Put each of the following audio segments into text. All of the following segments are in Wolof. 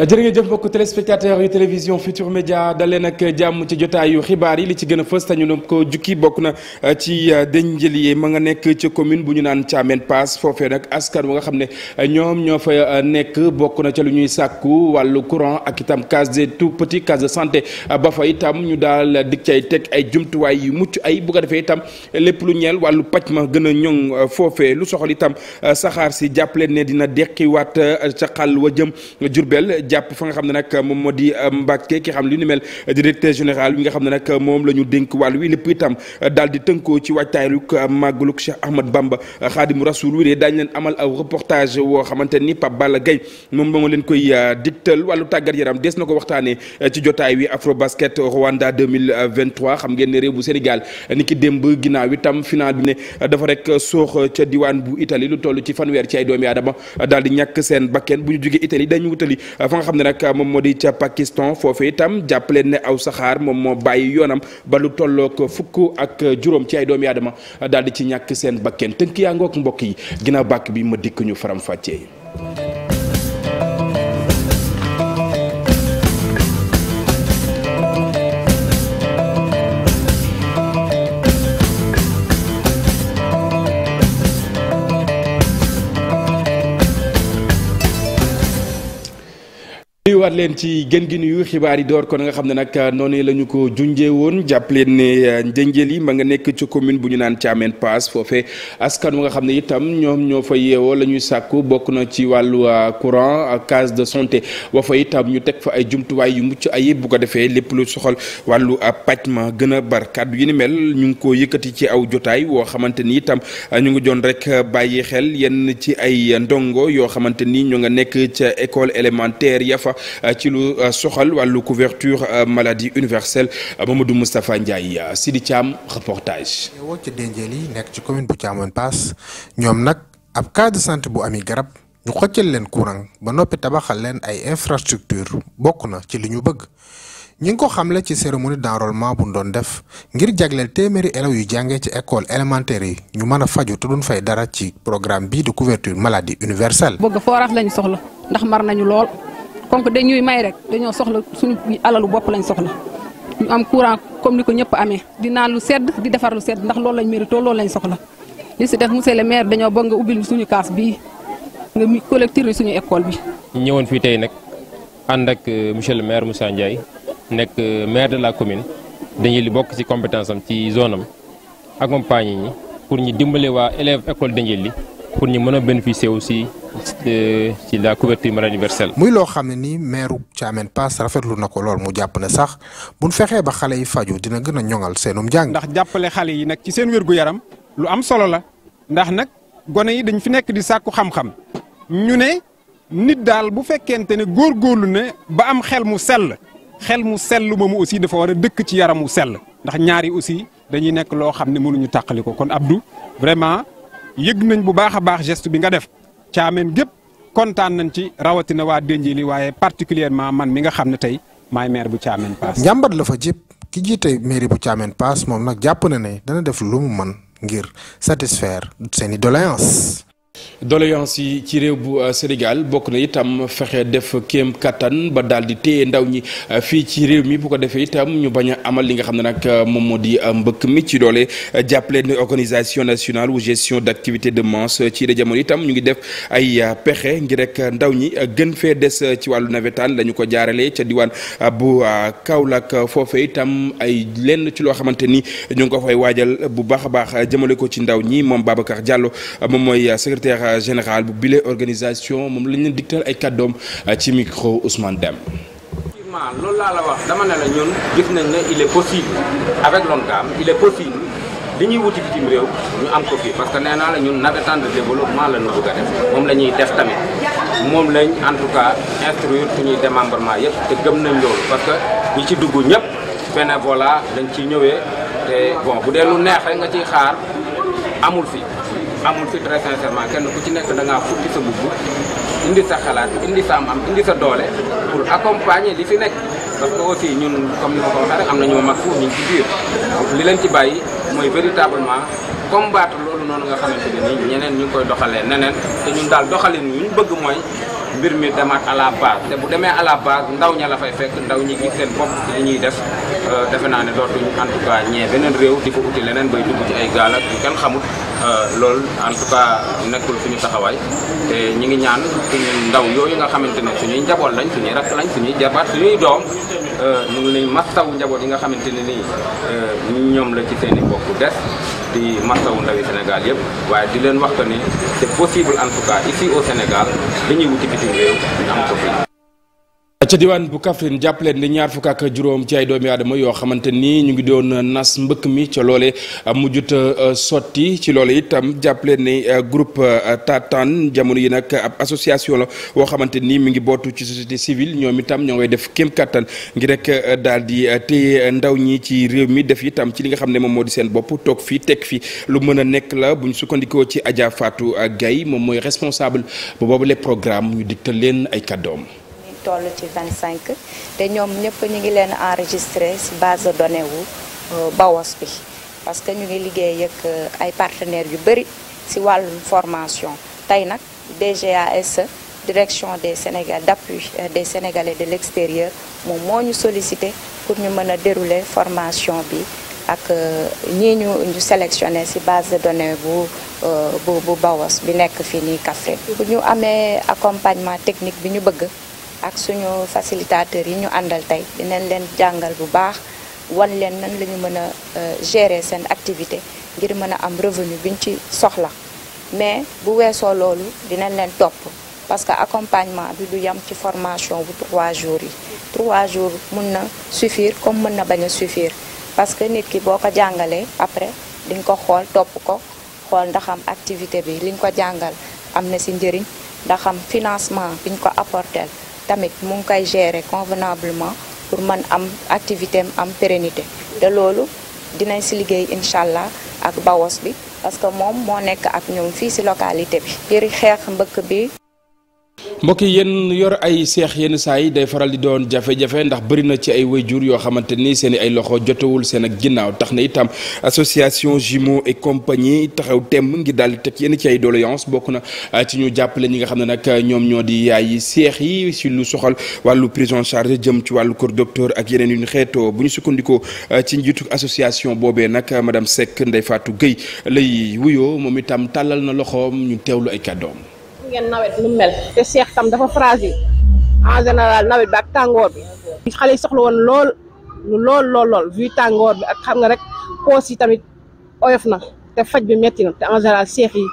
Euh, jërë ngeen jëf mbokk téléspectateurs yu télévision Futur Média daleen ak jàmm ci jotaayu xibaar yi li ci gën a fës tañu doon ko jukki bokk na euh, ci yi euh, ma nga nekk ca commune bu ñu naan Thiamène Pass foofee nag askan wa nga xam ne ñoom ñoo fa nekk bokk na ca lu ñuy sàkku wàllu courant ak itam cas des tout petits case de santé ba fa itam ñu daal dik cay teg ay jumtuwaay yu mucc ay bugga defee itam lépp lu ñeel wàllu paj ma gën a ñoŋ foofee lu soxal itam saxaar si jàppaleen ne dina deqiwaat ca xal wa jëm Jurbel jàpp fa nga xam ne nag moom moo di euh, Mbàkke ki xam li ni mel euh, directeur général bi nga xam ne nag euh, moom la ñu dénk wàll wi lépp itam daal di tënkoo ci lu màggaluk Cheikh Ahmad Bamba Xaadimu Rasuul wi de daañu leen amal aw reportage woo xamante ni Pape Balla Gaye moom moo leen koy digtal wallu tàggat yaram des na ko waxtaanee ci jotaay wi Afrobasket Rwanda 2023 xam ngeen ne réew bu Sénégal ni ki démb ginnaaw itam final bi ne dafa rek soox ca diwaan bu Italie lu toll ci fanweer ci ay doomi aadama daal di ñàkk seen bakken bu ñu jógee Italie dañu wutali nga xam ne nag moom moo di ca Pakistan foofu itam jàpp leen ne aw saxaar moom moo bàyyi yoonam ba lu tolloo ko fukk ak juróom ci ay doomu aadama daal di ci ñàkk seen bakken tënk yaa ngook mbokk yi ginnaaw bàkk bi ma dikk ñu faram fàccee ñëwaat leen ci gën gi nuyu xibaar yi door ko nga xam ne nag euh, noonu la ñu ko junjee woon jàpp leen ne euh, njënjël yi ma nga nekk ci commune bu ñu naan Thiamène Pass foofe askan wu nga xam ne itam ñoom ñoo fa yeewoo la ñuy sàkku bokk na ci wàllu euh, courant case de santé wa fa itam ñu teg fa ay jumtuwaay yu mucc ayib bu ko defee lépp lu soxal wàllu paj ma gën a bar kàddu yi ni mel ñu ngi ko yëkkati ci aw jotaay woo xamante ni itam ñu ngi doon rek bàyyi xel yenn ci ay ndongo yoo xamante ni ñu nga nekk ca école élémentaire ya fa Euh, ci lu euh, soxal wàllu couverture euh, maladie universelle Mamadou Moustapha Ndiaye Sidi Thiam reportage. woo ca Denjeel yi nekk ci commune bu Thiamone Pass ñoom nag ab cas de santé bu ami garab. ñu xoccal leen courant ba noppi tabaxal leen ay infrastructure bokk na ci lu ñu bëgg ñu ngi ko xamle ci cérémonie d'enrôlement bu ñu doon def ngir jagleel téeméeri élèves yu jàngee ci école élémentaire yi ñu mën a faju te duñ fay dara ci programme bii de couverture maladie universelle. comme que dañuy may rek dañoo soxla suñu alalu bopp lañ soxla ñu am courant comme ni ko ñëpp amee di naan lu sedd di defar lu sedd ndax loolu lañ mérito loolu lañ soxla li si def monsieur le maire dañoo bëgg nga ubbil suñu kaas bi nga collecter suñu école bi. ñëwoon fii tey nag ànd ak euh, monsieur le maire Moussa Ndiaye nekk euh, maire de la commune dañuy li bokk si compétence am ci zone am accompagner ñi pour ñu dimbale waa élèves école Dendéli pour ñu mën a bénéficier aussi. ci la couverture maladie universelle. muy loo xam ne ni maire Thiamène Pass rafetlu na ko lool mu jàpp ne sax buñ fexee ba xale yi faju dina gën a ñoŋal seenum jàng. ndax jàppale xale yi nag ci seen wérgu yaram lu am solo la ndax nag gone yi dañ fi nekk di sàkku xam-xam ñu ne nit daal bu fekkente ne góorlu ne ba am xel mu sell xel mu sell mu aussi dafa war a dëkk ci yaram mu sell ndax ñaari aussi dañuy nekk loo xam ne mënuñu tàqali ko kon Abdou vraiment yëg nañ bu baax a baax geste bi nga def. caameen gépp kontaan nañ ci rawatina waa Denjeli waaye particulièrement man mi nga xam ne tey maay maire bu caameen paas. njàmbat la fa jëpp ki jiite mairie bu caameen paas moom nag jàpp na ne dana def lu mu mën ngir satisfaire seen i doléance doléance yi ci réew bu euh, Sénégal bokk na itam fexe def kéem kattan ba daal di téye ndaw ñi euh, fii ci réew mi bu ko defee itam ñu bañ a amal li nga xam ne nag euh, moom moo di mbëkk mi ci doole jàppale ne organisation nationale ou gestion d'activité de manche ci la jamono itam ñu ngi def ay pexe ngir rek ndaw ñi gën fee des ci wàllu nawetaan lañu ko jaarale ca diwaan bu Kaolack foofe itam ay lenn ci loo xamante ni ñu ngi ko fay waajal bu baax a baax jëmale ko ci ndaw ñi moom Babacar secrétaire euh, général bu bile organisation moom la ñu leen digtal ay kàddoom euh, ci micro loolu laa la wax dama ne la ñun gis nañ ne il est possible avec l'ONCAM il est possible li ñuy wuti bitim réew ñu am ko fii parce que nee naa la ñun navétane de développement la ñu moom la ñuy def tamit moom lañ en tout cas instruire suñuy démembrement yëpp te gëm nañ loolu parce que ñi ci dugg ñëpp bénévolat dañ ci ñëwee te bon bu dee lu neex rek nga ci xaar amul fii. amul fi très sincèrement kenn ku ci nekk da ngaa futti sa mbubb indi sa xalaat indi sa am indi sa doole pour accompagner li fi nekk parce que aussi ñun comme ni ma ko waxee rek na ñu mag fuuf ñu ngi ci biir donc li leen ci bàyyi mooy véritablement combattre loolu noonu nga xamante ne nii ñeneen ñu ngi koy doxalee neneen te ñun daal doxalin ñu bëgg mooy mbir mi demaat à la te bu demee à la base ndaw ña la fay fekk ndaw ñi gis seen bopp ci li ñuy def euh, defe naa ne dootuñu en tout cas ñee beneen réew di ko uti leneen bay dugg ci ay gaala ak kenn xamut euh, lool en tout cas nekkul suñu taxawaay te ñi ngi ñaan suñu ndaw yooyu nga xamante ne suñuy njaboot lañ suñuy rakk lañ suñuy jabaat suñuy doom Euh, ñu ngi lay mastawu njaboot yi nga xamante ne nii euh, ñoom la ci seen i bokk des di mastawu ndawi Sénégal yëpp waaye di leen waxta que ni possible en tout cas ici au Sénégal dañuy wuti bitim réew am ko ca diwaan bu Kaffrine jàppaleen ni ñaar fukk juróom ci ay doomi aadama yoo xamante nii ñu ngi doon nas mbëkk mi ca loole mujjut sotti ci loole itam jàppale ni groupe Tatan jamono yi nag ab association la woo xamante ni mi ngi bootu ci société civile ñoom itam ñoo ngay def kem kattan ngi rek daal di téye ndaw ñi ci réew mi def itam ci li nga xam ne moom moo di seen bopp toog fii teg fii lu mën a nekk la bu ñu sukkandikoo ci Adja Fatou Gaye moom mooy responsable boobu les programmes ñu digtal leen ay toll ci 25 te ñoom ñëpp ñu ngi leen enregistré ci base de données wu euh, BAOS bi parce que ñu ngi liggéey ak euh, ay partenaires yu bëri ci wàllum formation tey nag DGAS direction des Sénégal d'appui euh, des Sénégalais de l'extérieur moom moo ñu sollicité pour ñu mën a dérouler formation bi ak ñii ñu ñu sélectionné ci base de données bu bu bu BAOS bi nekk fii nii Kaffrine. bu ñu amee accompagnement technique bi ñu bëgg. ak suñu facilitateurs yi ñu àndal tey dinañ leen jàngal bu baax wan leen nan la ñu mën a euh, gérer seen activité ngir mën a am revenu bi ñu ci soxla mais bu weesoo loolu dinañ leen topp parce que accompagnement bi du yam ci formation bu trois jours yi trois jours mun na suffire comme mën na bañ a suffire parce que nit ki boo ko jàngalee après di nga ko xool topp ko xool ndaxam activité bi li ñu ko jàngal am na si njëriñ ndaxam financement biñ ñu ko apporter tamit mu ngi koy gérer convenablement pour man am activité am pérennité te loolu dinañ si liggéey incha allah ak bawos bi parce que moom moo nekk ak ñoom fii si localité bi ngir xeex mbëkk bi mbokk yi yéen yor ay seex yenn saa yi day faral di doon jafe-jafe ndax bëri na ci ay wayjur yoo xamante ni seen i ay loxo jotewul seen ak ginnaaw tax na itam association Jumeaux et compagnie taxaw temm ngi daal di teg yenn ci ay doléance bokk na ah, ci ñu jàppale ñi nga xam ne nag ñoom ñoo di yaay seex yi si lu soxal wàllu prison en jëm ci wàllu kër docteur ak yeneen yu ñu xeetoo bu ñu sukkandikoo ah, ci njiitu association boobee nag madame Seck Ndeye Fatou Guèye lay moom itam tàllal na loxoom ñu teewlu ay kàddoom. ngeen nawet nu mel te seex tam dafa fragile en général nawet bi ak tàngoor bi xale yi soxla woon lool lool lool lool vu tàngoor bi ak xam nga rek poos yi tamit oyof na te faj bi metti te en général seex yi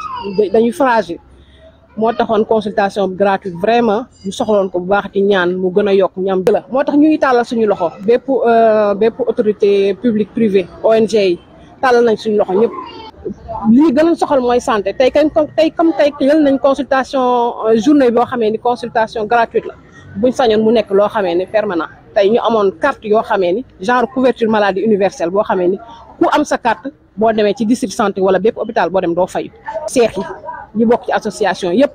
dañuy fragile moo taxoon consultation gratuite vraiment ñu soxloon ko bu baax di ñaan mu gën a yokk ñam la moo tax ñuy ngi tàllal suñu loxo bépp euh, bépp autorité publique privée ONG yi tàllal nañ suñu loxo ñëpp lii gën a soxal mooy santé tey kañ tey comme tey yal nañ consultation euh, journée boo xamee ni consultation gratuite la buñ sañoon mu nekk loo xamee ni permanent tey ñu amoon carte yoo xamee ni genre couverture maladie universelle boo xamee ni ku am sa carte boo demee ci district santé wala bépp hôpital boo dem doo fay seex yi ñu bokk ci association yëpp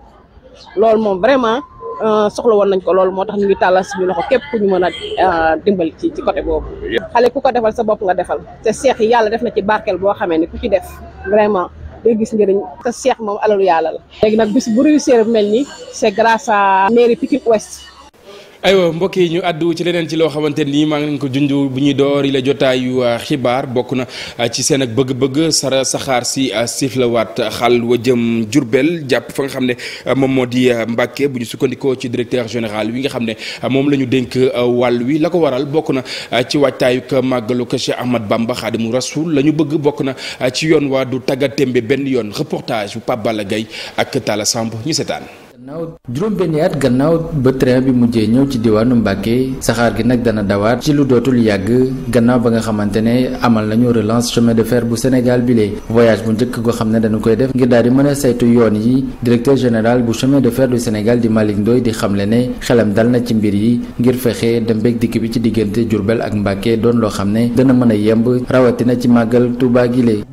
loolu moom vraiment Euh, soxla woon nañ ko loolu moo tax ñu ngi tàllal suñu loxo képp ku ñu mën a euh, dimbali ci ci côté boobu. xale ku ko defal sa bopp nga defal te seex yi yàlla def na ci barkeel boo xamee ne ku ci def vraiment day gis njëriñ te seex ma alalu yàlla la. léegi nag bis bu réussir mel nii c'est grâce à mairie Pikine Ouest. aywa mbokk yi ñu àddu ci leneen ci loo xamante nii maa ngi ko junj bu ñuy door yi la jotaayu euh, xibaar bokk na euh, ci seen ak bëgg-bëgg sara saxaar si euh, siflawaat xal wa jëm Jurbel jàpp fa nga xam ne moom moo di Mbàkke bu ñu sukkandikoo ci directeur général wi nga xam ne moom la ñu dénk wàll wi la ko waral bokk na ci waajtaayuk màggalu ko Cheikh Ahmad Bamba Xaadimu Rasul la ñu bëgg bokk na ci yoon waa du taggatémbe benn yoon reportage bu Pape Balla Gaye ak Talla Samb ñu seetaan gannaaw juróom-benni at gannaaw ba train bi mujjee ñëw ci diwaanu Mbàkke saxaar gi nag dana dawaat ci lu dootul yàgg gannaaw ba nga xamante ne amal nañu relance chemin de fer bu Sénégal bi lee voyage bu njëkk goo xam ne dañu koy def ngir daal di mën a saytu yoon yi directeur général bu chemin de fer du Sénégal di malik ndoy di xamle ne xelam dal na ci mbir yi ngir fexe dem beeg dikk bi ci diggante Diourbel ak Mbàkke doon loo xam ne dana mën a yemb rawatina ci màggal Touba gi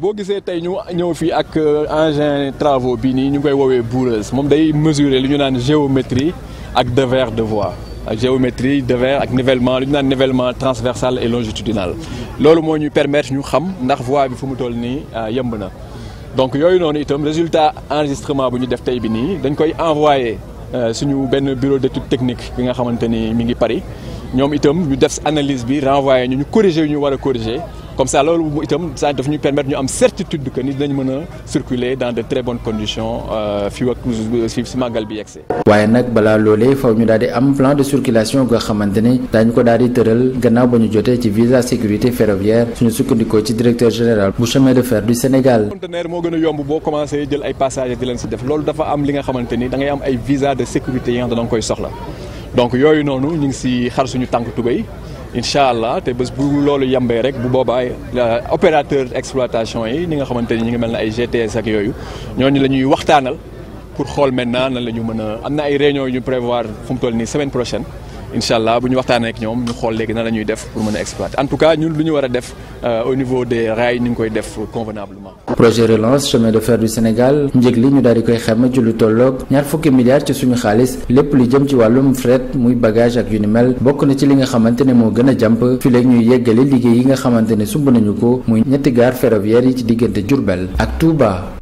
jàngale lu ñu naan géométrie ak devers de voie ak géométrie devers ak nivellement lu ñu naan nivellement transversal et longitudinal loolu moo ñuy permettre ñu xam ndax voie bi fu mu toll nii euh, yemb na donc yooyu noonu itam résultat enregistrement bu ñu def tey bi nii dañ koy envoyé euh, suñu benn bureau d'études techniques bi nga xamante ni mi ngi Paris ñoom itam ñu def analyse bi renvoyé ñu ñu corrigé ñu war a corrigé comme ça loolu itam ça daf ñuy permettre ñu am certitude que ni dinañ mën a circuler dans de très bonnes conditions euh, fii ak bi yegsee. waaye nag balaa loolee faw ñu daal am plan de circulation nga xamante ni daañu ko daal di tëral gannaaw ba ñu jotee ci visa sécurité ferroviaire suñu sukkandikoo ci directeur général bu chemin de fer du Sénégal. conteneur moo gën a yomb boo commencé jël ay passagers di leen loolu dafa am li nga xamante ni da am ay visa de sécurité yi koy soxla. donc yooyu noonu ñu ngi si xar suñu tànk tubéy incha allah te bés bu loolu yembee rek bu boobaa opérateur exploitation yi ñi nga xamante ni ñu ngi mel ne ay GTS ak yooyu ñooñu la ñuy waxtaanal pour xool maintenant nan la ñu mën a am na ay réunion yu ñu prévoir fu mu toll nii semaine prochaine. incha allah bu ñu waxtaanee ak ñoom ñu xool léegi na la ñuy def pour mën a exploiter en tout cas ñun lu ñu war a def euh, au niveau des rails ñu ngi koy def convenablement. projet relance chemin de fer du Sénégal njëg li ñu daal di koy xayma ci lu tolloog ñaar fukki milliards ci suñu xaalis lépp lu jëm ci wàllum fret muy bagage ak yu ni mel bokk na ci li nga xamante ne moo gën a jàmp fi léegi ñuy yeggale liggéey yi nga xamante ne sumb nañu ko muy ñetti gaar ferroviaire yi ci diggante Diourbel ak Touba.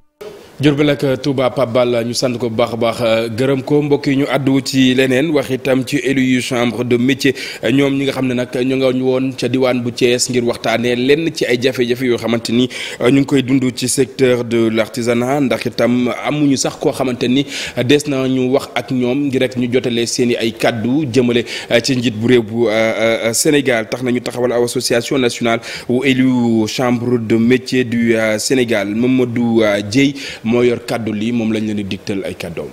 Jurbel ak Touba Pabal ñu sant ko bu baax a baax gërëm ko mbokk yi ñu àddu ci leneen wax itam ci élu yu chambre de métier ñoom ñi nga xam ne nag ñu nga woon ca diwaan bu Thiès ngir waxtaanee lenn ci ay jafe-jafe yoo xamante ni ñu ngi koy dundu ci secteur de l'artisanat ndax itam amuñu sax koo xamante ni des na ñu wax ak ñoom ngir rek ñu jotale seen i ay kàddu jëmale ci njiit bu réew bu euh, euh, Sénégal tax nañu taxawal aw association nationale wu élu chambre de métier du euh, Sénégal Mamadou Dieye moo yor kàddu lii moom lañ leen di digtal ay kàddoom.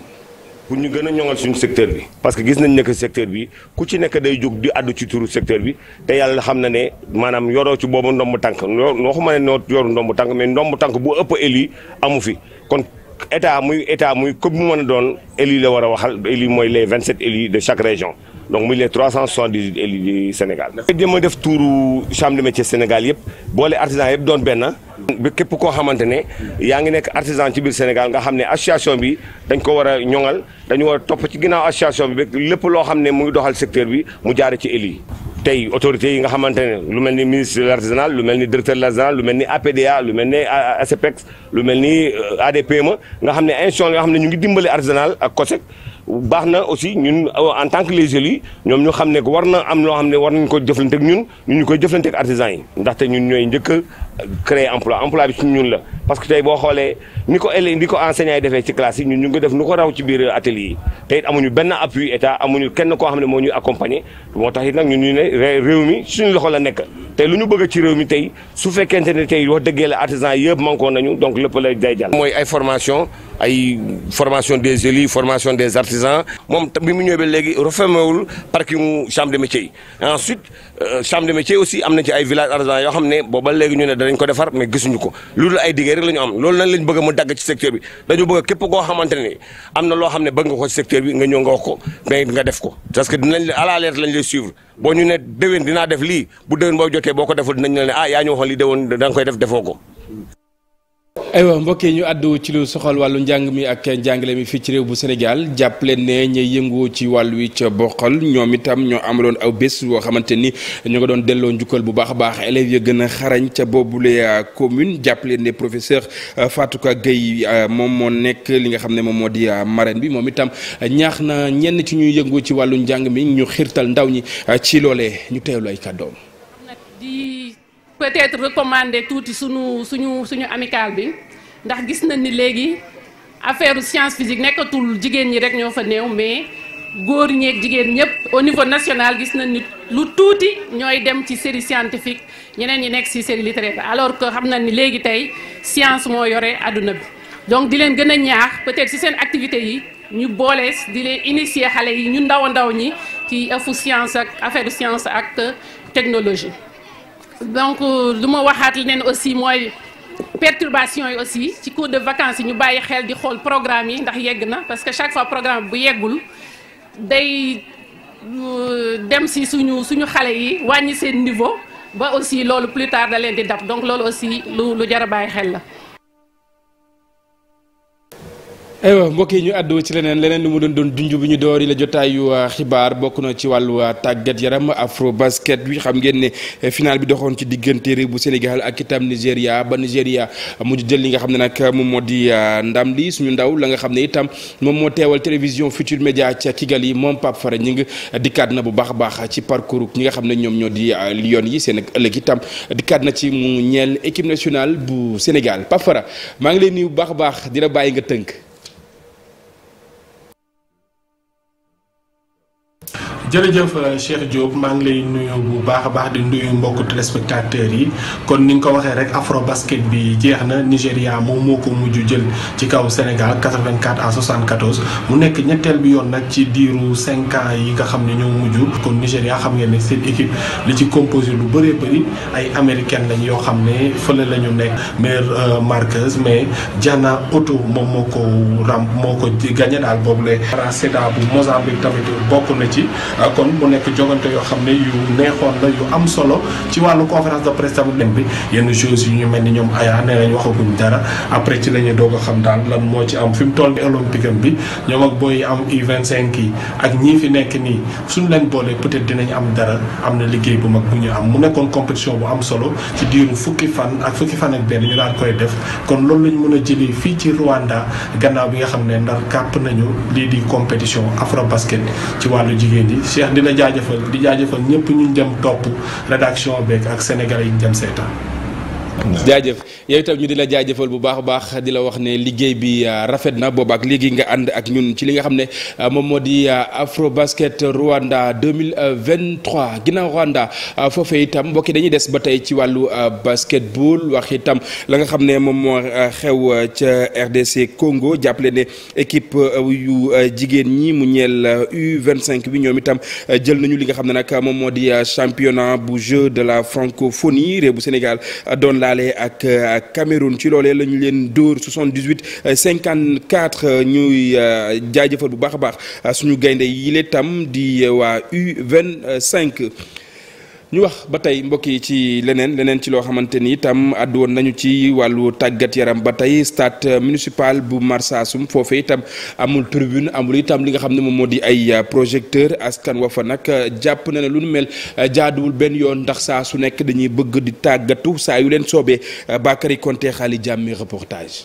pour ñu gën a ñoŋal suñu secteur bi parce que gis nañ ne que secteur bi ku ci nekk day jóg di àddu ci turu secteur bi te yàlla xam na ne maanaam yoroo ci boobu ndomb tànk noo waxuma ne yoru ndomb tànk mais ndomb tànk bu ëpp éli amu fi kon état muy état muy comme mu mën a doon éli la war a waxal éli mooy les vingt sept éli de chaque région donc muy les trois cent soixante-dix-huit élus du Sénégal. jéem a def tuuru chambre de métier Sénégal yëpp boole artisan yëpp doon benn. bi képp koo xamante ne yaa ngi nekk artisan ci biir Sénégal nga xam ne association bi dañ ko war a ñoŋal dañu war topp ci ginnaaw association bi ba lépp loo xam ne mu ngi doxal secteur bi mu jaare ci élus tey autorités yi nga xamante ne lu mel ni ministre de l'artisanat lu mel ni directeur de l'artisanat lu mel ni APDA lu mel ni ACPEX e lu mel ni euh, ADPME nga xam ne institution yi nga xam ne ñu ngi dimbali artisanal ak COSEC. baax na aussi ñun euh, en tant que les élus ñoom ñu xam ne war na am loo xam ne war nañ ko jëflante ak ñun ñu ñu koy jëflante ak yi ndaxte ñun ñooy njëkk créer emploi emploi bi ci ñun la parce que tey boo xoolee ni ko élèves ni ko enseignants yi defee ci classe yi ñu ngi def nu ko raw ci biir atelier yi te amuñu benn appui état amuñu kenn koo xam ne moo ñuy accompagner moo tax it nag ñun ñu ne réew mi suñu loxo la nekk te lu ñu bëgg ci réew mi tey su fekkente ne tey wax dëggee la artisan yëpp mankoon nañu donc lépp la day jàll mooy ay formation ay formation des élus formation des artisans moom bi mu ñëwee ba léegi refermewul parking chambre de métier yi euh, yoo xam ñu dañ ko defar mais gisuñu ko loolu ay diggee rek la ñu am loolu nan lañ bëgg mu dagg ci secteur bi dañu bëgg képp koo xamante am na loo xam ne bëgg nga ko ci secteur bi nga ñëw nga wax ko mais nga def ko parce que dinañ à la lettre lañ lay suivre boo ñu ne déwén dinaa def lii bu déwén boo jotee boo ko deful dinañ la ne ah yaa ñu waxoon lii déwén da nga koy def defoo ko aywa mbokk yi ñu àddu ci lu soxal wàllu njàng mi ak njàngale mi fii ci réew bu Sénégal jàpp leen ne ñuy yëngu ci wàll wi ca boqal ñoom itam ñoo amaloon aw bés woo xamante ni ñu nga doon delloo njukkal bu baax a baax élèves ya gën a xarañ ca boobule euh, commune jàpp leen ne professeur euh, Fatou Ka Gueye euh, moom moo nekk li nga xam ne moom moo di marraine bi moom itam ñaax na ñenn ci ñuy yëngu ci wàllu njàng mi ñu xiirtal ndaw ñi ci loolee ñu teewlu ay kàddoom. peut-être recommander tuuti suñu suñu suñu amicale bi ndax gis nañ ni léegi affaire science physique nekkatul jigéen ñi rek ñoo fa néew mais góor ñeeg jigéen ñëpp au niveau national gis nañ ni lu tuuti ñooy dem ci série scientifique ñeneen ñi nekk ci série littéraire alors que xam nañ ni léegi tey science moo yore àdduna bi donc di leen gën a ñaax peut-être ci seen activité yi ñu boole di leen initier xale yi ñu ndaw ndaw ñi ci ëfu science ak affaire science ak technologie donc euh, lu ma waxaat leneen aussi mooy perturbation yi aussi ci cours de vacances yi ñu bàyyi xel di xool programme yi ndax yegg na parce que chaque fois programme bu yeggul day euh, dem si suñu suñu xale yi wàññi seen niveau ba aussi loolu plus tard da leen di dab donc loolu aussi lu lu jar bàyyi xel la aywa mbokk yi ñu àddu ci leneen leneen lu mu doon doon dunj bi ñu door yi la jotaayu ah, xibaar bokk na ci wàllu ah, tàggat yaram afro basket bi xam ngeen ne eh, final bi doxoon ci diggante réew bu Sénégal ak itam Nigéria ba Nigéria mujj jël li nga xam ne nag moom moo di ah, ndam li suñu ndaw la nga xam ne itam moom moo teewal télévision Futur Média ca yi moom Pape Fara ngi dikkaat na bu baax a baax ci parcours ñi nga xam ne ñoom ñoo di Lion yi seen ëllëg itam dikkaat na ci mu ñeel équipe nationale bu Sénégal Pape maa ngi leen nuyu bu baax a baax di la bàyyi nga tënk. jërëjëf euh, Cheikh Diop maa ngi lay nuyu bu baax a baax di nuyu mbokk téléspectateurs yi kon ni nga ko waxee rek afro basket bi jeex na Nigéria moom moo ko mujj jël ci kaw Sénégal 84 à 74 mu nekk ñetteel bi yoon nag ci diiru 5 ans yi nga xam ne ñoo mujj kon Nigéria xam ngeen ne seen équipe li ci composé lu bëree bari ay américaine lañ yoo xam ne fële la ñu nekk meilleure marqueuse mais Diana Oto moom moo ko ram moo ko gagné daal boobu la. Seda bu Mozambique tamit bokk na ci. kon mu nekk jogante yoo xam ne yu neexoon la yu am solo ci wàllu conférence de presse tamit dem bi yenn choses yu ñu mel ni ñoom ayaa nee nañ waxaguñ dara après ci la ñuy doog a xam daal lan moo ci am fi mu toll ni olympique am bi ñoom ak booy am U25 yi ak ñii fi nekk nii suñu leen boolee peut-être dinañ am dara am na liggéey bu mag bu ñu am mu nekkoon compétition bu am solo ci diiru fukki fan ak fukki fan ak benn ñu daan koy def kon loolu lañ mën a jëlee fii ci Rwanda gannaaw bi nga xam ne ndar kàpp nañu lii di compétition afro basket ci wàllu jigéen yi Cheikh dina la jaajëfal di jaajëfal ñëpp ñu jëm topp rédaction beeg ak sénégalais yi ñu jëm seetaan. jaajëf yow itam ñu di la jaajëfal bu baax a baax di la wax ne liggéey bi euh, rafet na ak léegi nga ànd ak ñun ci li nga xam ne euh, moom moo di euh, afro basket Rwanda 2023 ginnaaw Rwanda foofee itam mbokki dañuy des ba tey ci wàllu basketball wax itam la nga xam ne moom moo xew ca RDC kongo jàppale ne équipe yu jigéen ñi mu ñeel U25 bi ñoom itam jël nañu li nga xam ne nag moom moo di championnat bu jeu de la francophonie réew bu Sénégal doon laalee euh, ak Cameroun ci loole la ñu leen dóor 78 54 euh, euh, ñuy jaajëfal bu baax a baax suñu gaynde yi le tam di waa U25. ñu wax ba tey mbokk yi ci leneen leneen ci loo xamante ni itam àddu woon nañu ci wàllu tàggat yaram ba tey stade municipal bu Marsassoum foofee itam amul tribune amul itam li nga xam ne moom moo di ay projecteur askan wa fa nag jàpp na ne lu nu mel jaaduwul benn yoon ndax saa su nekk dañuy bëgg di tàggatu saa yu leen soobee Bakary Konte xaali jàmmi reportage.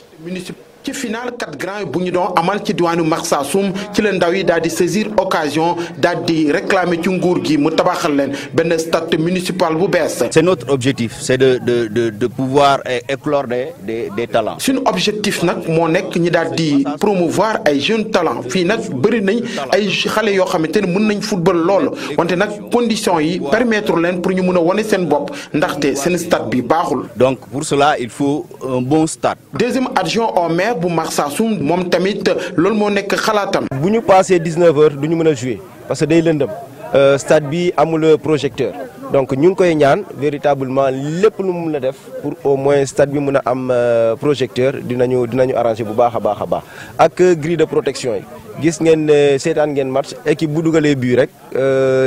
ci final quatre grands bu ñu doon amal ci diwaanu Marsassoum ci leen ndaw yi daal di saisir occasion daal di réclamer ci nguur gi mu tabaxal leen benn stade municipal bu bees. c'est notre objectif c'est de de de de pouvoir éclore des des des talents. suñu objectif nag moo nekk ñi daal di promouvoir ay jeune talents fii nag bëri nañ ay xale yoo xamante ne mën nañ football lool wante nag conditions yi permettre leen pour ñu mun a wane seen bopp ndaxte seen stade bi baaxul. donc pour cela il faut maire bu Marsassoum moom tamit loolu moo nekk xalaatam. bu ñu paasee 19 heures du ñu mën a jouer parce que day lëndëm euh, stade bi amul projecteur. donc ñu ngi koy ñaan véritablement lépp lu mu a def pour au moins stade bi mun a am euh, projecteur dinañu dinañu arrangé bu baax a baax a baax ak euh, grille de protection yi gis ngeen ne euh, seetaan ngeen match équipe bu dugalee bii rek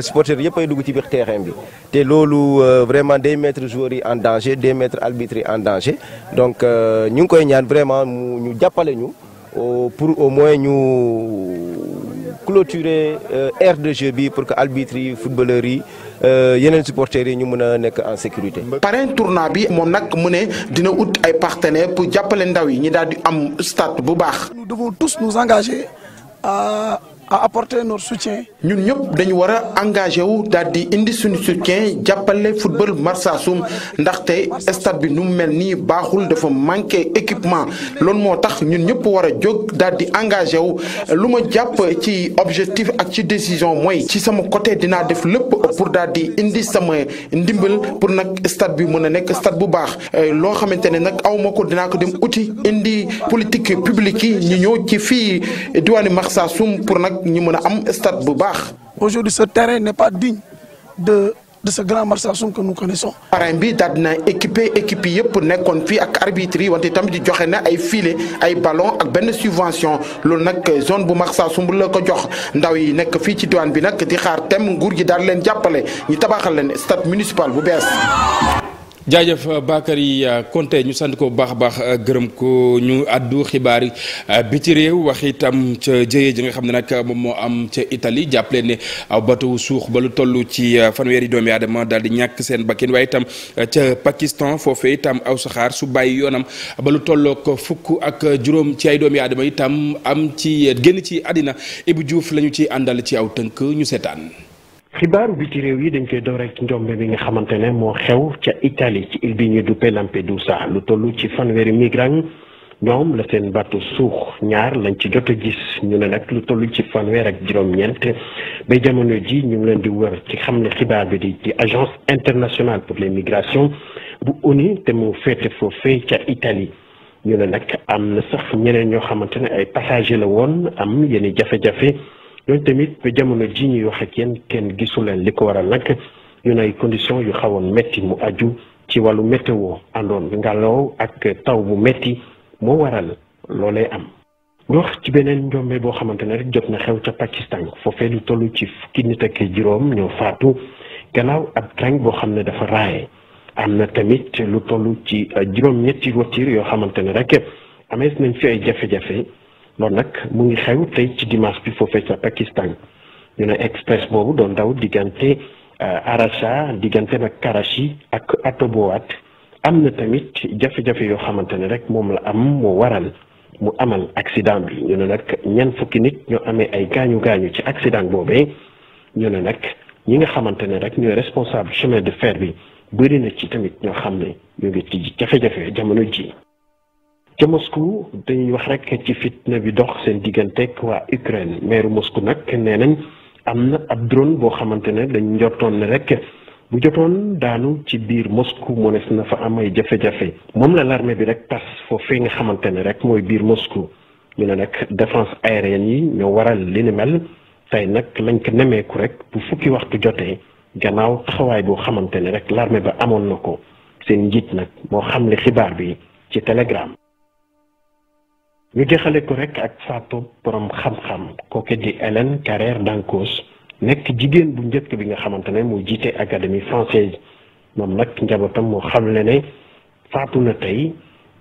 supporters yëpp ay dugg ci biir terrain bi te loolu vraiment day mettre joueurs yi en danger day mettre arbitres yi en danger donc ñu ngi koy ñaan vraiment mu ñu jàppale ñu pour au moins ñu clôturer aire de jeu bi pour que arbitres yi footballeurs yi. Euh, yeneen supporters yi ñu mën a nekk en sécurité. pare tourna bi moom nag mu ne dina ut ay partenaires pour jàppale ndaw yi ñu daal di am stade bu baax. nous devons tous nous engager à apporter notre soutien. ñun ñëpp dañu war a engagé wu daal di indi suñu soutien jàppale football Marsassoum ndaxte stade bi nu mu mel nii baaxul dafa manqué équipement loolu moo tax ñun ñëpp war a jóg daal di engagé wu lu ma jàpp ci objectif ak ci décision mooy ci sama côté dinaa def lépp pour daal di indi sama ndimbal pour nag stade bi mun a nekk stade bu baax euh, loo xamante ne nag aw ko dinaa ko dem uti indi politique publique yi ñu ñëw ci fii diwaanu Marsassoum pour nag. nag ñu mën a am stade bu baax. aujourd'hui sa terrain n'est pas digne de. de ce grand Marcel Sonko que nous connaissons. parrain bi daal dina équipé équipe yëpp nekkoon fii ak arbitre yi wante tamit joxe na ay file ay ballon ak benn subvention loolu nag zone bu Marcel Sonko la ko jox ndaw yi nekk fii ci diwaan bi nag di xaar tem nguur gi daal leen jàppale ñu tabaxal leen stade municipal bu bees. jaajëf euh, Bakary euh, Konte ñu sant ko bu baax a baax euh, gërëm ko ñu àddu xibaar bi ci réew wax itam ca jëye ji nga xam ne nag moom moo am ca itali jàppale ne aw bateau suux ba lu toll ci fanweeri doom aadama daal di ñàkk seen bakkan waaye itam ca Pakistan foofee itam aw saxaar su bàyyi yoonam ba lu tollook fukk ak juróom ci ay doomi aadama itam am ci génn ci àddina Ibou Diouf la ñu ci àndal ci aw tënk ñu seetaan. xibaaru bi ci réew yi dañ koy door rek njombe bi nga xamante ne moo xew ca Italie ci île bi ñu duppee Lampedusa lu toll ci fanweeri migrant ñoom la seen bateau suux ñaar lañ ci jot a gis ñu ne nag lu tollu ci fanweer ak juróom-ñeent ba jamono ji ñu leen di wër ci xam ne xibaar bi di di agence internationale pour les migrations bu ONU te mu féete foofee ca Italie. ñu ne nag am na sax ñeneen ñoo xamante ne ay passager la woon am yenn jafe-jafe. ñooñu tamit ba jamono ji ñuy wax ak kenn gisu leen li ko waral nag yu nay condition yu xawoon métti mu aju ci wàllu météo àndoon ngalaw ak taw bu métti moo waral loolee am. ñu wax ci beneen njombe boo xamante ne rek jot na xew ca Pakistan foofee lu toll ci fukki nit ak juróom ñoo faatu gannaaw ab train boo xam ne dafa raaye am na tamit lu toll ci juróom-ñetti voiture yoo xamante ne rek amees nañ fi ay jafe-jafe. loolu nag mu ngi xew tey ci dimanche bi foofee ca Pakistan ñu ne express boobu doon daw diggante euh, Aracha diggante nag Karachi ak Atobowat am na tamit jafe-jafe yoo xamante ne rek moom la am moo waral mu amal accident bi ñu ne nag ñan fukki nit ñoo amee ay gaañu gaañu ci accident boobee ñu ne nag ñi nga xamante ne rek ñooy responsable chemin de fer bi bëri na ci tamit ñoo xam ne ñu ngi ci jafe-jafe jamono jii ca Moscou dañuy wax rek ci fitna bi dox seen digganteeg waa Ukraine meeru Moscou nag nee nañ am na ab drone boo xamante ne dañ njotoon ne rek bu jotoon daanu ci biir Moscou mënees na fa am ay jafe-jafe moom la l'armée bi rek tas foofee nga xamante ne rek mooy biir Moscou ñu ne nag défense aérienne yi ñoo waral li ni mel tey nag lañ ko nemeeku rek bu fukki waxtu jotee gannaaw taxawaay boo xamante ne rek l'armée ba amoon na ko seen njiit nag moo xamle xibaar bi ci Telegram. ñu jeexale ko rek ak saatu borom xam-xam kooke di Hélène Carrère Dancos nekk jigéen bu njëkk bi nga xamante ne mu jiite académie française moom nag njabootam moo xam le ne faatu na tey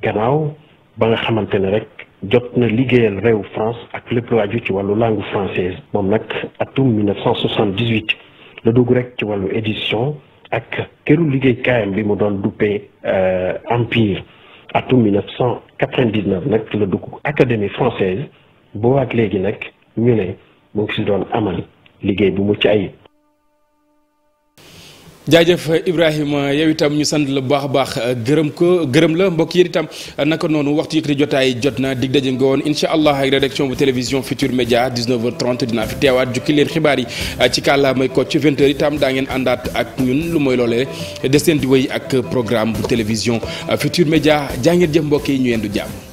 gannaaw ba nga xamante ne rek jot na liggéeyal réew France ak lépp lu aju ci wàllu langue française moom nag atum 1978 la dugg rek ci wàllu édition ak këru liggéeykaayam bi mu doon duppee euh, empire atum 99 nag la dugg académie française boo ak léegi nag ñu ne mu ngi si doon amal liggéey bu mucc ayib jaajëf Ibrahima yow itam ñu sant la baax a baax gërëm ko gërëm la mbokk yéen itam naka noonu waxtu yëkkati jotaay jot na dig daje nga woon incha allah ak rédaction bu télévision Futur Média 19h30 dinaa fi teewaat jukki leen xibaar yi ci kàllaamay ko ci 20 itam daa ngeen àndaat ak ñun lu mooy loolee des leen di wéy ak programme bu télévision Futur Média jaa ngeen jëf mbokk yi ñu yendu jàmm.